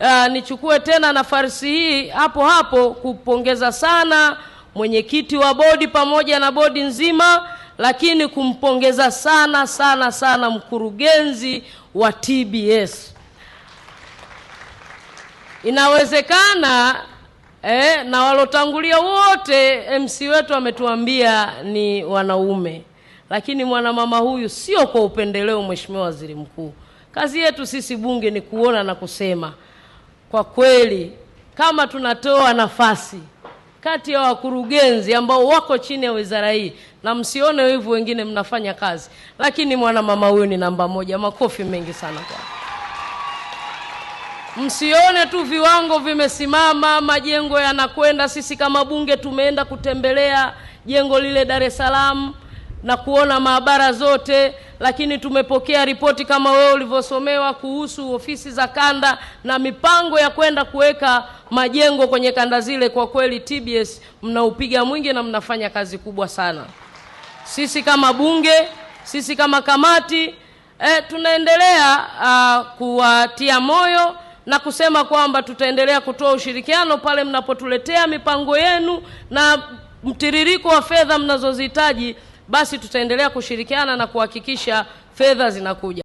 uh, nichukue tena nafasi hii hapo hapo kupongeza sana mwenyekiti wa bodi pamoja na bodi nzima, lakini kumpongeza sana sana sana mkurugenzi wa TBS. Inawezekana eh, na walotangulia wote MC wetu ametuambia ni wanaume, lakini mwanamama huyu sio kwa upendeleo, Mheshimiwa Waziri Mkuu. Kazi yetu sisi bunge ni kuona na kusema. Kwa kweli kama tunatoa nafasi kati ya wakurugenzi ambao wako chini ya wizara hii, na msione wivu, wengine mnafanya kazi, lakini mwanamama huyu ni namba moja. Makofi mengi sana kwa. Msione tu viwango vimesimama, majengo yanakwenda. Sisi kama bunge tumeenda kutembelea jengo lile Dar es Salaam na kuona maabara zote lakini tumepokea ripoti kama wewe ulivyosomewa kuhusu ofisi za kanda na mipango ya kwenda kuweka majengo kwenye kanda zile. Kwa kweli TBS mnaupiga mwingi na mnafanya kazi kubwa sana. Sisi kama bunge, sisi kama kamati e, tunaendelea uh, kuwatia moyo na kusema kwamba tutaendelea kutoa ushirikiano pale mnapotuletea mipango yenu na mtiririko wa fedha mnazozihitaji basi tutaendelea kushirikiana na kuhakikisha fedha zinakuja.